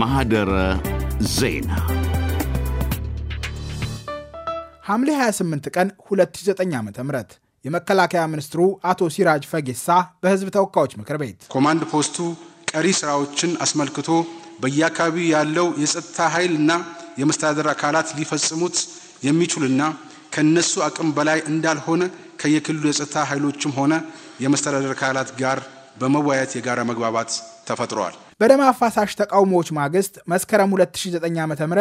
ማህደረ ዜና ሐምሌ 28 ቀን 2009 ዓ ም የመከላከያ ሚኒስትሩ አቶ ሲራጅ ፈጌሳ በህዝብ ተወካዮች ምክር ቤት ኮማንድ ፖስቱ ቀሪ ስራዎችን አስመልክቶ በየአካባቢው ያለው የጸጥታ ኃይል እና የመስተዳደር አካላት ሊፈጽሙት የሚችሉና ከነሱ አቅም በላይ እንዳልሆነ ከየክልሉ የጸጥታ ኃይሎችም ሆነ የመስተዳደር አካላት ጋር በመወያየት የጋራ መግባባት ተፈጥረዋል። በደም አፋሳሽ ተቃውሞዎች ማግስት መስከረም 2009 ዓ ም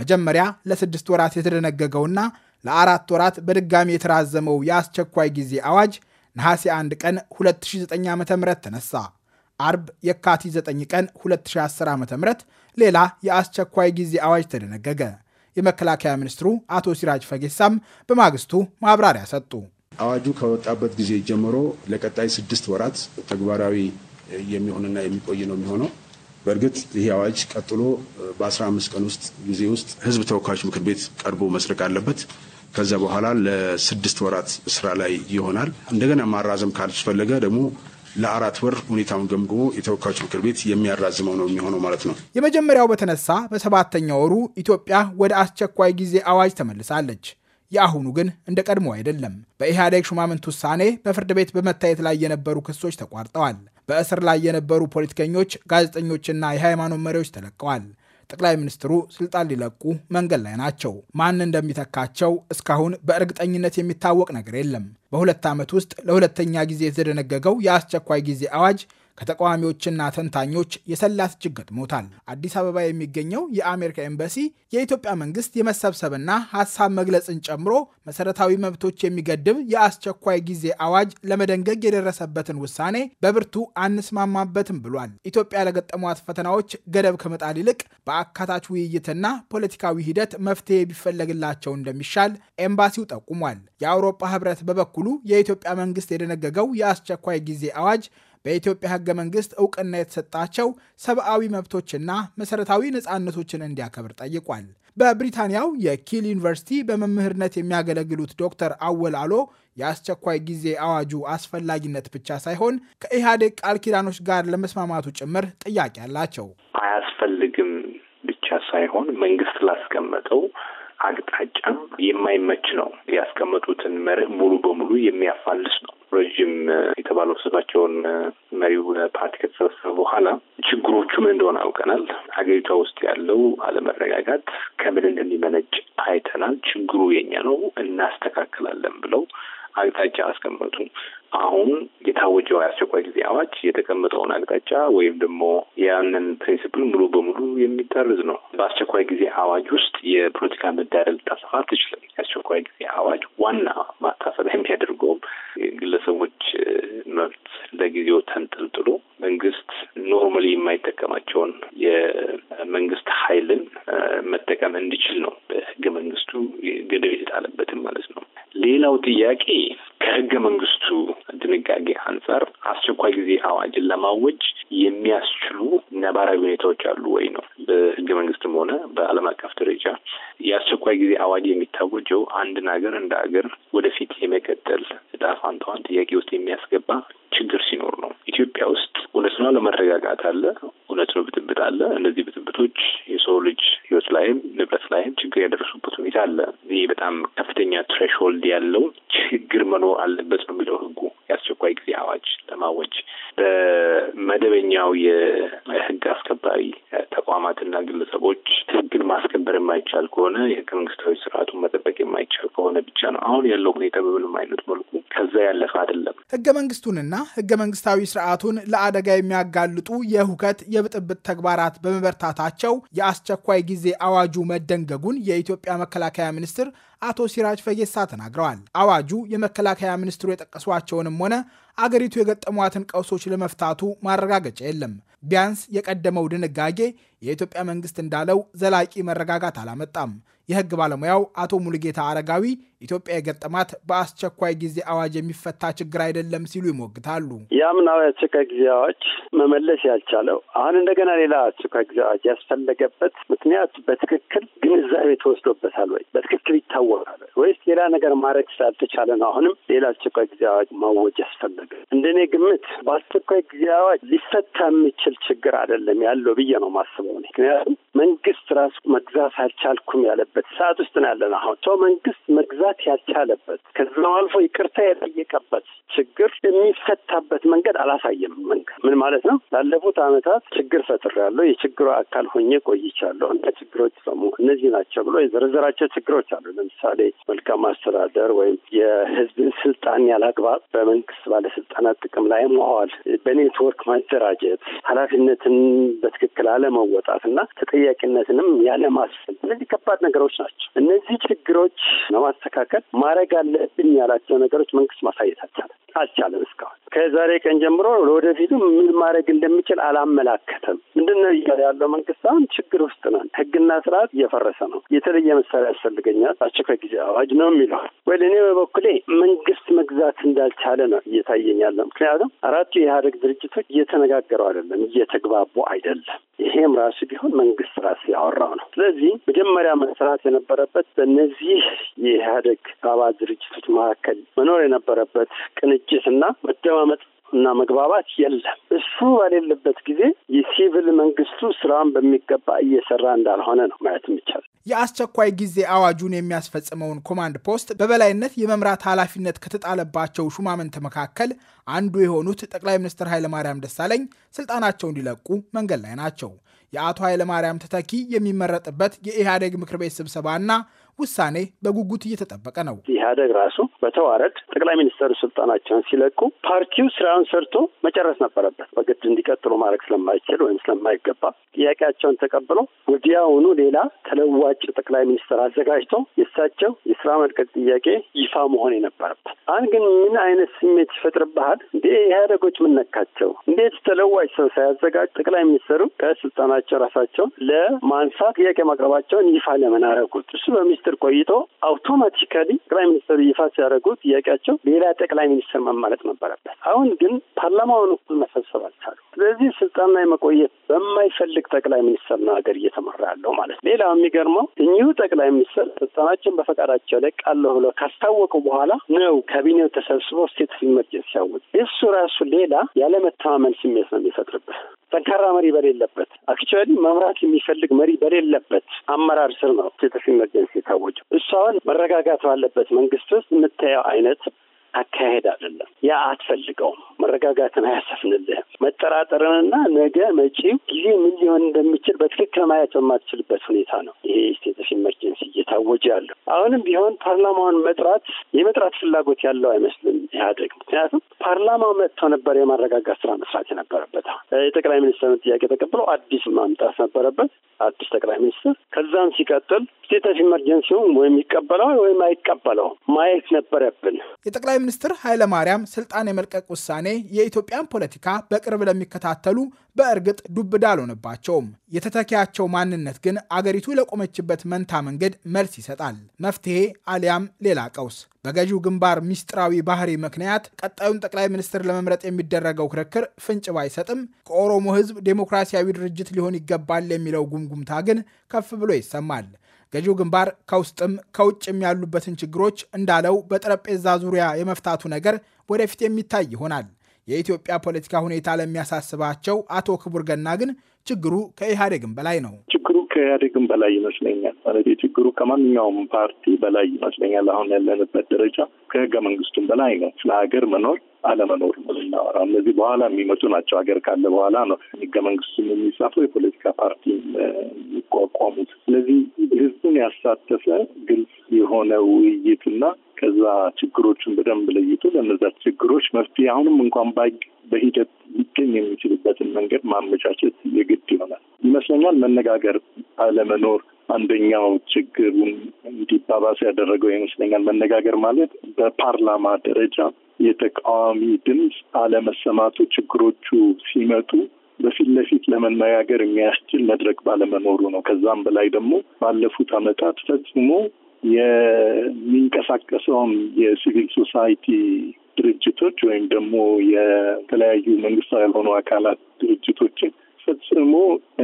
መጀመሪያ ለስድስት ወራት የተደነገገውና ለአራት ወራት በድጋሚ የተራዘመው የአስቸኳይ ጊዜ አዋጅ ነሐሴ 1 ቀን 2009 ዓ ም ተነሳ። አርብ የካቲት 9 ቀን 2010 ዓ ም ሌላ የአስቸኳይ ጊዜ አዋጅ ተደነገገ። የመከላከያ ሚኒስትሩ አቶ ሲራጅ ፈጌሳም በማግስቱ ማብራሪያ ሰጡ። አዋጁ ከወጣበት ጊዜ ጀምሮ ለቀጣይ ስድስት ወራት ተግባራዊ የሚሆንና የሚቆይ ነው የሚሆነው። በእርግጥ ይህ አዋጅ ቀጥሎ በ15 ቀን ውስጥ ጊዜ ውስጥ ህዝብ ተወካዮች ምክር ቤት ቀርቦ መስረቅ አለበት። ከዛ በኋላ ለስድስት ወራት ስራ ላይ ይሆናል። እንደገና ማራዘም ካልፈለገ ደግሞ ለአራት ወር ሁኔታውን ገምግሞ የተወካዮች ምክር ቤት የሚያራዝመው ነው የሚሆነው ማለት ነው። የመጀመሪያው በተነሳ በሰባተኛ ወሩ ኢትዮጵያ ወደ አስቸኳይ ጊዜ አዋጅ ተመልሳለች። የአሁኑ ግን እንደ ቀድሞ አይደለም። በኢህአዴግ ሹማምንት ውሳኔ በፍርድ ቤት በመታየት ላይ የነበሩ ክሶች ተቋርጠዋል። በእስር ላይ የነበሩ ፖለቲከኞች፣ ጋዜጠኞችና የሃይማኖት መሪዎች ተለቀዋል። ጠቅላይ ሚኒስትሩ ስልጣን ሊለቁ መንገድ ላይ ናቸው። ማን እንደሚተካቸው እስካሁን በእርግጠኝነት የሚታወቅ ነገር የለም። በሁለት ዓመት ውስጥ ለሁለተኛ ጊዜ የተደነገገው የአስቸኳይ ጊዜ አዋጅ ከተቃዋሚዎችና ተንታኞች የሰላ ትችት ገጥሞታል። አዲስ አበባ የሚገኘው የአሜሪካ ኤምባሲ የኢትዮጵያ መንግስት የመሰብሰብና ሀሳብ መግለጽን ጨምሮ መሰረታዊ መብቶች የሚገድብ የአስቸኳይ ጊዜ አዋጅ ለመደንገግ የደረሰበትን ውሳኔ በብርቱ አንስማማበትም ብሏል። ኢትዮጵያ ለገጠሟት ፈተናዎች ገደብ ከመጣል ይልቅ በአካታች ውይይትና ፖለቲካዊ ሂደት መፍትሄ ቢፈለግላቸው እንደሚሻል ኤምባሲው ጠቁሟል። የአውሮፓ ህብረት በበኩሉ የኢትዮጵያ መንግስት የደነገገው የአስቸኳይ ጊዜ አዋጅ በኢትዮጵያ ህገ መንግስት እውቅና የተሰጣቸው ሰብአዊ መብቶችና መሰረታዊ ነፃነቶችን እንዲያከብር ጠይቋል። በብሪታንያው የኪል ዩኒቨርሲቲ በመምህርነት የሚያገለግሉት ዶክተር አወል አሎ የአስቸኳይ ጊዜ አዋጁ አስፈላጊነት ብቻ ሳይሆን ከኢህአዴግ ቃል ኪዳኖች ጋር ለመስማማቱ ጭምር ጥያቄ አላቸው። አያስፈልግም ብቻ ሳይሆን መንግስት ላስቀመጠው አቅጣጫ የማይመች ነው። ያስቀመጡትን መርህ ሙሉ በሙሉ የሚያፋልስ ነው። ረዥም የተባለው ስብሰባቸውን መሪው ፓርቲ ከተሰበሰበ በኋላ ችግሮቹ ምን እንደሆነ አውቀናል። ሀገሪቷ ውስጥ ያለው አለመረጋጋት ከምን እንደሚመነጭ አይተናል። ችግሩ የኛ ነው እናስተካክላለን ብለው አቅጣጫ አስቀመጡ። አሁን የታወጀው የአስቸኳይ ጊዜ አዋጅ የተቀመጠውን አቅጣጫ ወይም ደግሞ ያንን ፕሪንስፕል ሙሉ በሙሉ የሚጠርዝ ነው። በአስቸኳይ ጊዜ አዋጅ ውስጥ የፖለቲካ ምህዳር ልታሰፋ ትችላል። የአስቸኳይ ጊዜ አዋጅ ዋና ማታሰቢያ የሚያደርገውም የግለሰቦች መብት ለጊዜው ተንጠልጥሎ መንግስት ኖርማሊ የማይጠቀማቸውን የመንግስት ኃይልን መጠቀም እንዲችል ነው። በህገ መንግስቱ ገደብ የተጣለበትም ማለት ነው። ሌላው ጥያቄ ከህገ መንግስቱ ድንጋጌ አንጻር አስቸኳይ ጊዜ አዋጅን ለማወጅ የሚያስችሉ ነባራዊ ሁኔታዎች አሉ ወይ ነው። በህገ መንግስትም ሆነ በዓለም አቀፍ ደረጃ የአስቸኳይ ጊዜ አዋጅ የሚታወጀው አንድን ሀገር እንደ ሀገር ወደፊት የመቀጠል ዕጣ ፋንታዋን ጥያቄ ውስጥ የሚያስገባ ችግር ሲኖር ነው። ኢትዮጵያ ውስጥ እውነቱን አለመረጋጋት አለ። እውነት ነው ብጥብጥ አለ። እነዚህ ብጥብጦች የሰው ልጅ ህይወት ላይም ንብረት ላይም ችግር ያደረሱበት ሁኔታ አለ። ይህ በጣም ከፍተኛ ትሬሽሆልድ ያለው ችግር መኖር አለበት ነው የሚለው ህጉ። የአስቸኳይ ጊዜ አዋጅ ለማወጅ በመደበኛው የህግ አስከባሪ ተቋማትና ግለሰቦች ህግን ማስከበር የማይቻል ከሆነ የህገ መንግስታዊ ስርዓቱን መጠበቅ የማይቻል ከሆነ ብቻ ነው። አሁን ያለው ሁኔታ በምንም አይነት መልኩ ከዛ ያለፈ አይደለም። ህገ መንግስቱንና ህገ መንግስታዊ ስርዓቱን ለአደጋ የሚያጋልጡ የሁከት የብጥብጥ ተግባራት በመበርታታቸው የአስቸኳይ ጊዜ አዋጁ መደንገጉን የኢትዮጵያ መከላከያ ሚኒስትር አቶ ሲራጅ ፈጌሳ ተናግረዋል። አዋጁ የመከላከያ ሚኒስትሩ የጠቀሷቸውንም ሆነ አገሪቱ የገጠሟትን ቀውሶች ለመፍታቱ ማረጋገጫ የለም። ቢያንስ የቀደመው ድንጋጌ የኢትዮጵያ መንግስት እንዳለው ዘላቂ መረጋጋት አላመጣም። የህግ ባለሙያው አቶ ሙሉጌታ አረጋዊ ኢትዮጵያ የገጠማት በአስቸኳይ ጊዜ አዋጅ የሚፈታ ችግር አይደለም ሲሉ ይሞግታሉ። የአምናው የአስቸኳይ ጊዜ አዋጅ መመለስ ያልቻለው አሁን እንደገና ሌላ አስቸኳይ ጊዜ አዋጅ ያስፈለገበት ምክንያት በትክክል ግንዛቤ ተወስዶበታል ወይ፣ በትክክል ይታወቃል ወይስ ሌላ ነገር ማድረግ ስላልተቻለ ነው አሁንም ሌላ አስቸኳይ ጊዜ አዋጅ ማወጅ ያስፈለገ? እንደኔ ግምት በአስቸኳይ ጊዜ አዋጅ ሊፈታ የሚችል ችግር አይደለም ያለው ብዬ ነው ማስበው። ምክንያቱም መንግስት ራሱ መግዛት አልቻልኩም ያለበት ባለበት ሰዓት ውስጥ ነው ያለን። አሁን ሰው መንግስት መግዛት ያልቻለበት ከዛም አልፎ ይቅርታ የጠየቀበት ችግር የሚፈታበት መንገድ አላሳየም። መንገድ ምን ማለት ነው? ላለፉት አመታት ችግር ፈጥሬያለሁ፣ የችግሩ አካል ሆኜ ቆይቻለሁ፣ እና ችግሮች ደግሞ እነዚህ ናቸው ብሎ የዘረዘራቸው ችግሮች አሉ። ለምሳሌ መልካም አስተዳደር ወይም የህዝብን ስልጣን ያላግባብ በመንግስት ባለስልጣናት ጥቅም ላይ መዋል፣ በኔትወርክ ማደራጀት፣ ኃላፊነትን በትክክል አለመወጣት እና ተጠያቂነትንም ያለማስፈል እነዚህ ከባድ ነገር ነገሮች ናቸው። እነዚህ ችግሮች ለማስተካከል ማድረግ አለብን ያላቸው ነገሮች መንግስት ማሳየት አልቻለም አልቻለም እስካሁን ከዛሬ ቀን ጀምሮ ለወደፊቱ ምን ማድረግ እንደሚችል አላመላከተም። ምንድን ነው እያለ ያለው መንግስት አሁን ችግር ውስጥ ነን፣ ህግና ስርዓት እየፈረሰ ነው፣ የተለየ መሳሪያ ያስፈልገኛል፣ አስቸኳይ ጊዜ አዋጅ ነው የሚለው ወይ እኔ በበኩሌ መንግስት መግዛት እንዳልቻለ ነው እየታየኝ ያለ። ምክንያቱም አራቱ የኢህአዴግ ድርጅቶች እየተነጋገሩ አይደለም፣ እየተግባቡ አይደለም። ይሄም ራሱ ቢሆን መንግስት ራሱ ያወራው ነው። ስለዚህ መጀመሪያ መስራት መጽናት የነበረበት በእነዚህ የኢህአደግ አባል ድርጅቶች መካከል መኖር የነበረበት ቅንጅትና መደማመጥ እና መግባባት የለም። እሱ በሌለበት ጊዜ የሲቪል መንግስቱ ስራን በሚገባ እየሰራ እንዳልሆነ ነው ማየት የሚቻል። የአስቸኳይ ጊዜ አዋጁን የሚያስፈጽመውን ኮማንድ ፖስት በበላይነት የመምራት ኃላፊነት ከተጣለባቸው ሹማምንት መካከል አንዱ የሆኑት ጠቅላይ ሚኒስትር ኃይለማርያም ደሳለኝ ስልጣናቸው እንዲለቁ መንገድ ላይ ናቸው። የአቶ ኃይለማርያም ተተኪ የሚመረጥበት የኢህአዴግ ምክር ቤት ስብሰባና ውሳኔ በጉጉት እየተጠበቀ ነው። ኢህአደግ ራሱ በተዋረድ ጠቅላይ ሚኒስትሩ ስልጣናቸውን ሲለቁ ፓርቲው ስራውን ሰርቶ መጨረስ ነበረበት። በግድ እንዲቀጥሉ ማድረግ ስለማይችል ወይም ስለማይገባ ጥያቄያቸውን ተቀብሎ ወዲያውኑ ሌላ ተለዋጭ ጠቅላይ ሚኒስትር አዘጋጅቶ የእሳቸው የስራ መልቀቅ ጥያቄ ይፋ መሆን የነበረበት። አሁን ግን ምን አይነት ስሜት ይፈጥርብሃል? እንዴ ኢህአደጎች ምን ነካቸው? እንዴት ተለዋጭ ሰው ሳያዘጋጅ ጠቅላይ ሚኒስትሩ ከስልጣናቸው ራሳቸውን ለማንሳት ጥያቄ ማቅረባቸውን ይፋ ለምን አረጉት? እሱ በሚ ሚኒስትር ቆይቶ አውቶማቲካሊ ጠቅላይ ሚኒስትሩ ይፋ ሲያደርጉ ጥያቄያቸው ሌላ ጠቅላይ ሚኒስትር መማለጥ ነበረበት። አሁን ግን ፓርላማውን እኩል መሰብሰብ አልቻሉ። ስለዚህ ስልጣን ላይ መቆየት በማይፈልግ ጠቅላይ ሚኒስትር ነው ሀገር እየተመራ ያለው ማለት ነው። ሌላው የሚገርመው እኚሁ ጠቅላይ ሚኒስትር ስልጣናችን በፈቃዳቸው ላይ ለቃለሁ ብለው ካስታወቁ በኋላ ነው ካቢኔው ተሰብስቦ ስቴት ኦፍ ኢመርጀንሲ ያወጁ። እሱ ራሱ ሌላ ያለመተማመን ስሜት ነው የሚፈጥርበት ጠንካራ መሪ በሌለበት አክቹዋሊ መምራት የሚፈልግ መሪ በሌለበት አመራር ስር ነው ስቴት ኦፍ ኢመርጀንሲ ሰዎች እሷን መረጋጋት ባለበት መንግስት ውስጥ የምታየው አይነት አካሄድ አይደለም። ያ አትፈልገውም። መረጋጋትን አያሰፍንልህም። መጠራጠርንና ነገ መጪው ጊዜ ምን ሊሆን እንደሚችል በትክክል ማየት በማትችልበት ሁኔታ ነው ይሄ ስቴት ኦፍ ኢመርጀንሲ እየታወጀ ያለው። አሁንም ቢሆን ፓርላማውን መጥራት የመጥራት ፍላጎት ያለው አይመስልም ኢህአዴግ። ምክንያቱም ፓርላማው መጥቶ ነበር የማረጋጋት ስራ መስራት የነበረበት። የጠቅላይ ሚኒስትርን ጥያቄ ተቀብለው አዲስ ማምጣት ነበረበት አዲስ ጠቅላይ ሚኒስትር። ከዛም ሲቀጥል ስቴት ኦፍ ኢመርጀንሲውም ወይም ይቀበለዋል ወይም አይቀበለውም ማየት ነበረብን። ሚኒስትር ኃይለማርያም ስልጣን የመልቀቅ ውሳኔ የኢትዮጵያን ፖለቲካ በቅርብ ለሚከታተሉ በእርግጥ ዱብዳ አልሆነባቸውም። የተተኪያቸው ማንነት ግን አገሪቱ ለቆመችበት መንታ መንገድ መልስ ይሰጣል፣ መፍትሄ አሊያም ሌላ ቀውስ። በገዢው ግንባር ሚስጥራዊ ባህሪ ምክንያት ቀጣዩን ጠቅላይ ሚኒስትር ለመምረጥ የሚደረገው ክርክር ፍንጭ ባይሰጥም ከኦሮሞ ሕዝብ ዴሞክራሲያዊ ድርጅት ሊሆን ይገባል የሚለው ጉምጉምታ ግን ከፍ ብሎ ይሰማል። ገዢው ግንባር ከውስጥም ከውጭም ያሉበትን ችግሮች እንዳለው በጠረጴዛ ዙሪያ የመፍታቱ ነገር ወደፊት የሚታይ ይሆናል። የኢትዮጵያ ፖለቲካ ሁኔታ ለሚያሳስባቸው አቶ ክቡር ገና ግን ችግሩ ከኢህአዴግም በላይ ነው። ችግሩ ከኢህአዴግም በላይ ይመስለኛል። ማለት ችግሩ ከማንኛውም ፓርቲ በላይ ይመስለኛል። አሁን ያለንበት ደረጃ ከህገ መንግስቱም በላይ ነው። ስለ ሀገር መኖር አለመኖር ነው እነዚህ በኋላ የሚመጡ ናቸው። ሀገር ካለ በኋላ ነው ህገ መንግስቱም የሚጻፈው የፖለቲካ ፓርቲ የሚቋቋሙት። ስለዚህ ህዝቡን ያሳተፈ ግልጽ የሆነ ውይይትና ከዛ ችግሮቹን በደንብ ለይቶ ለነዛ ችግሮች መፍትሄ አሁንም እንኳን ባይ በሂደት ሊገኝ የሚችልበትን መንገድ ማመቻቸት የግድ ይሆናል ይመስለኛል። መነጋገር አለመኖር አንደኛው ችግሩን እንዲባባስ ያደረገው ይመስለኛል። መነጋገር ማለት በፓርላማ ደረጃ የተቃዋሚ ድምፅ አለመሰማቱ ችግሮቹ ሲመጡ በፊት ለፊት ለመነጋገር የሚያስችል መድረክ ባለመኖሩ ነው። ከዛም በላይ ደግሞ ባለፉት ዓመታት ፈጽሞ የሚንቀሳቀሰውን የሲቪል ሶሳይቲ ድርጅቶች ወይም ደግሞ የተለያዩ መንግስታዊ ያልሆኑ አካላት ድርጅቶችን ፈጽሞ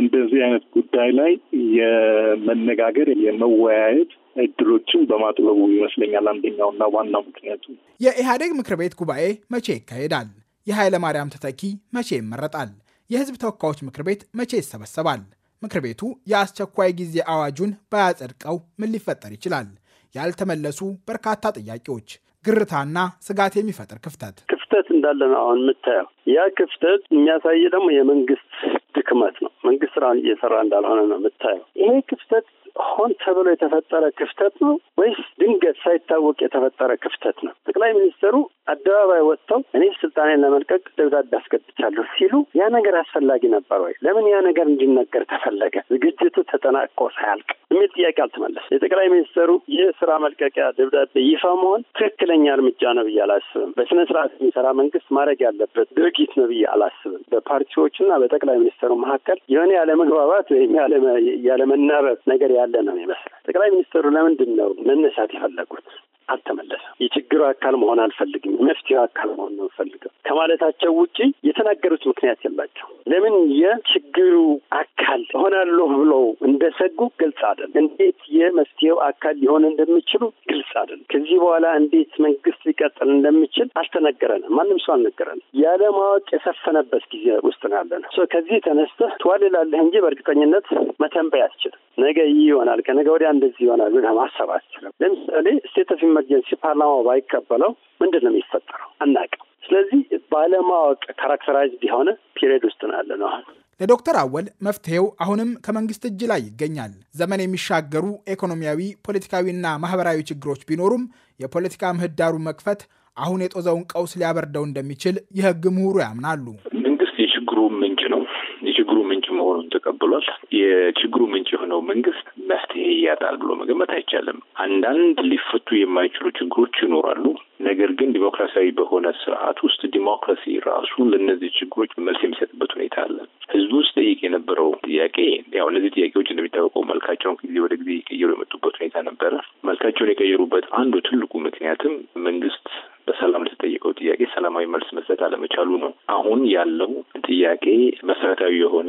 እንደዚህ አይነት ጉዳይ ላይ የመነጋገር የመወያየት እድሎችን በማጥበቡ ይመስለኛል አንደኛውና ዋናው ምክንያቱ። የኢህአዴግ ምክር ቤት ጉባኤ መቼ ይካሄዳል? የኃይለ ማርያም ተተኪ መቼ ይመረጣል? የህዝብ ተወካዮች ምክር ቤት መቼ ይሰበሰባል? ምክር ቤቱ የአስቸኳይ ጊዜ አዋጁን ባያጸድቀው ምን ሊፈጠር ይችላል? ያልተመለሱ በርካታ ጥያቄዎች ግርታና ስጋት የሚፈጥር ክፍተት ክፍተት እንዳለ ነው አሁን የምታየው። ያ ክፍተት የሚያሳይ ደግሞ የመንግስት ድክመት ነው። መንግስት ስራ እየሰራ እንዳልሆነ ነው የምታየው። ይሄ ክፍተት ሆን ተብሎ የተፈጠረ ክፍተት ነው ወይስ ድንገት ሳይታወቅ የተፈጠረ ክፍተት ነው? ጠቅላይ ሚኒስትሩ አደባባይ ወጥተው እኔ ስልጣኔን ለመልቀቅ ደብዳቤ አስገድቻለሁ ሲሉ ያ ነገር አስፈላጊ ነበር ወይ? ለምን ያ ነገር እንዲነገር ተፈለገ? ዝግጅቱ ተጠናቅቆ ሳያልቅ የሚል ጥያቄ አልተመለሰም። የጠቅላይ ሚኒስትሩ የስራ መልቀቂያ ደብዳቤ ይፋ መሆን ትክክለኛ እርምጃ ነው ብዬ አላስብም። በስነ ስርዓት የሚሰራ መንግስት ማድረግ ያለበት ድርጊት ነው ብዬ አላስብም። በፓርቲዎቹና በጠቅላይ ሚኒስትሩ መካከል የሆነ ያለመግባባት ወይም ያለመናበብ ነገር ያለ ነው ይመስላል። ጠቅላይ ሚኒስትሩ ለምንድን ነው መነሳት የፈለጉት? አልተመለሰም። የችግሩ አካል መሆን አልፈልግም፣ መፍትሄው አካል መሆን ነው ፈልገው ከማለታቸው ውጪ የተናገሩት ምክንያት የላቸው። ለምን የችግሩ አካል ሆናለሁ ብለው እንደሰጉ ግልጽ አይደለም። እንዴት የመፍትሄው አካል ሊሆን እንደሚችሉ ግልጽ አይደለም። ከዚህ በኋላ እንዴት መንግስት ሊቀጥል እንደሚችል አልተነገረንም። ማንም ሰው አልነገረንም። ያለማወቅ የሰፈነበት ጊዜ ውስጥ ነው ያለ ነው። ከዚህ ተነስተህ ትዋልላለህ እንጂ በእርግጠኝነት መተንበይ አስችልም። ነገ ይህ ይሆናል፣ ከነገ ወዲያ እንደዚህ ይሆናል ብለህ ማሰብ አስችልም። ለምሳሌ ስቴት ኦፍ ኢመርጀንሲ ፓርላማው ባይቀበለው ምንድን ነው የሚፈጠረው? አናውቅም። ስለዚህ ባለማወቅ ካራክተራይዝድ የሆነ ፒሪየድ ውስጥ ነው ያለ ነው። ለዶክተር አወል መፍትሄው አሁንም ከመንግስት እጅ ላይ ይገኛል። ዘመን የሚሻገሩ ኢኮኖሚያዊ ፖለቲካዊና ማህበራዊ ችግሮች ቢኖሩም የፖለቲካ ምህዳሩ መክፈት አሁን የጦዘውን ቀውስ ሊያበርደው እንደሚችል የህግ ምሁሩ ያምናሉ። መንግስት የችግሩ ምንጭ ነው። የችግሩ ምንጭ መሆኑን ተቀብሏል። የችግሩ ምንጭ የሆነው መንግስት መፍትሄ እያጣል ብሎ መገመት አይቻልም። አንዳንድ ሊፈቱ የማይችሉ ችግሮች ይኖራሉ። ነገር ግን ዲሞክራሲያዊ በሆነ ስርዓት ውስጥ ዲሞክራሲ ራሱ ለእነዚህ ችግሮች መልስ የሚሰጥበት ሁኔታ አለ። ህዝቡ ውስጥ ጠይቅ የነበረው ጥያቄ ያው እነዚህ ጥያቄዎች እንደሚታወቀው መልካቸውን ጊዜ ወደ ጊዜ እየቀየሩ የመጡበት ሁኔታ ነበረ። መልካቸውን የቀየሩበት አንዱ ትልቁ ምክንያትም መንግስት በሰላም ለተጠየቀው ጥያቄ ሰላማዊ መልስ መስጠት አለመቻሉ ነው። አሁን ያለው ጥያቄ መሰረታዊ የሆነ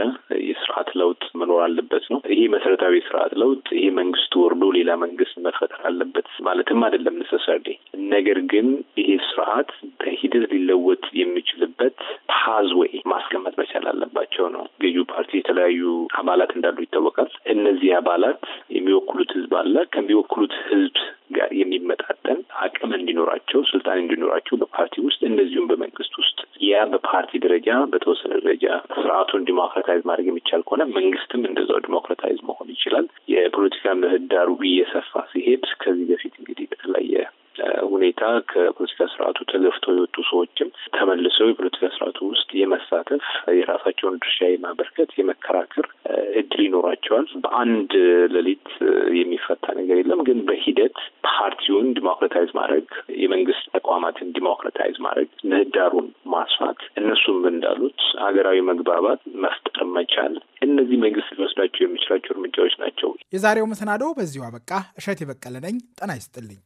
ስርዓት ለውጥ መኖር አለበት ነው። ይሄ መሰረታዊ ስርዓት ለውጥ ይሄ መንግስቱ ወርዶ ሌላ መንግስት መፈጠር አለበት ማለትም አይደለም ነሰሰርዴ። ነገር ግን ይሄ ስርዓት በሂደት ሊለወጥ የሚችልበት ፓዝዌይ ማስቀመጥ መቻል አለባቸው ነው። ገዢው ፓርቲ የተለያዩ አባላት እንዳሉ ይታወቃል። እነዚህ አባላት የሚወክሉት ህዝብ አለ። ከሚወክሉት ህዝብ ጋር የሚመጣጠን አቅም እንዲኖራቸው፣ ስልጣን እንዲኖራቸው በፓርቲ ውስጥ እንደዚሁም በመንግስት ውስጥ ያ በፓርቲ ደረጃ በተወሰነ ደረጃ ስርዓቱን ዲሞክራታይዝ ማድረግ የሚቻል ከሆነ መንግስትም እንደዛው ዲሞክራታይዝ መሆን ይችላል። የፖለቲካ ምህዳሩ እየሰፋ ሲሄድ ከዚህ በፊት እንግዲህ በተለያየ ሁኔታ ከፖለቲካ ስርዓቱ ተገፍቶ የወጡ ሰዎችም ተመልሰው የፖለቲካ ስርዓቱ ውስጥ የመሳተፍ የራሳቸውን ድርሻ የማበርከት የመከራከር እድል ይኖራቸዋል። በአንድ ሌሊት የሚፈታ ነገር የለም። ግን በሂደት ፓርቲውን ዲሞክራታይዝ ማድረግ፣ የመንግስት ተቋማትን ዲሞክራታይዝ ማድረግ፣ ምህዳሩን ማስፋት፣ እነሱም እንዳሉት ሀገራዊ መግባባት መፍጠር መቻል፣ እነዚህ መንግስት ሊወስዳቸው የሚችላቸው እርምጃዎች ናቸው። የዛሬው መሰናዶ በዚሁ አበቃ። እሸት የበቀለ ነኝ። ጤና ይስጥልኝ።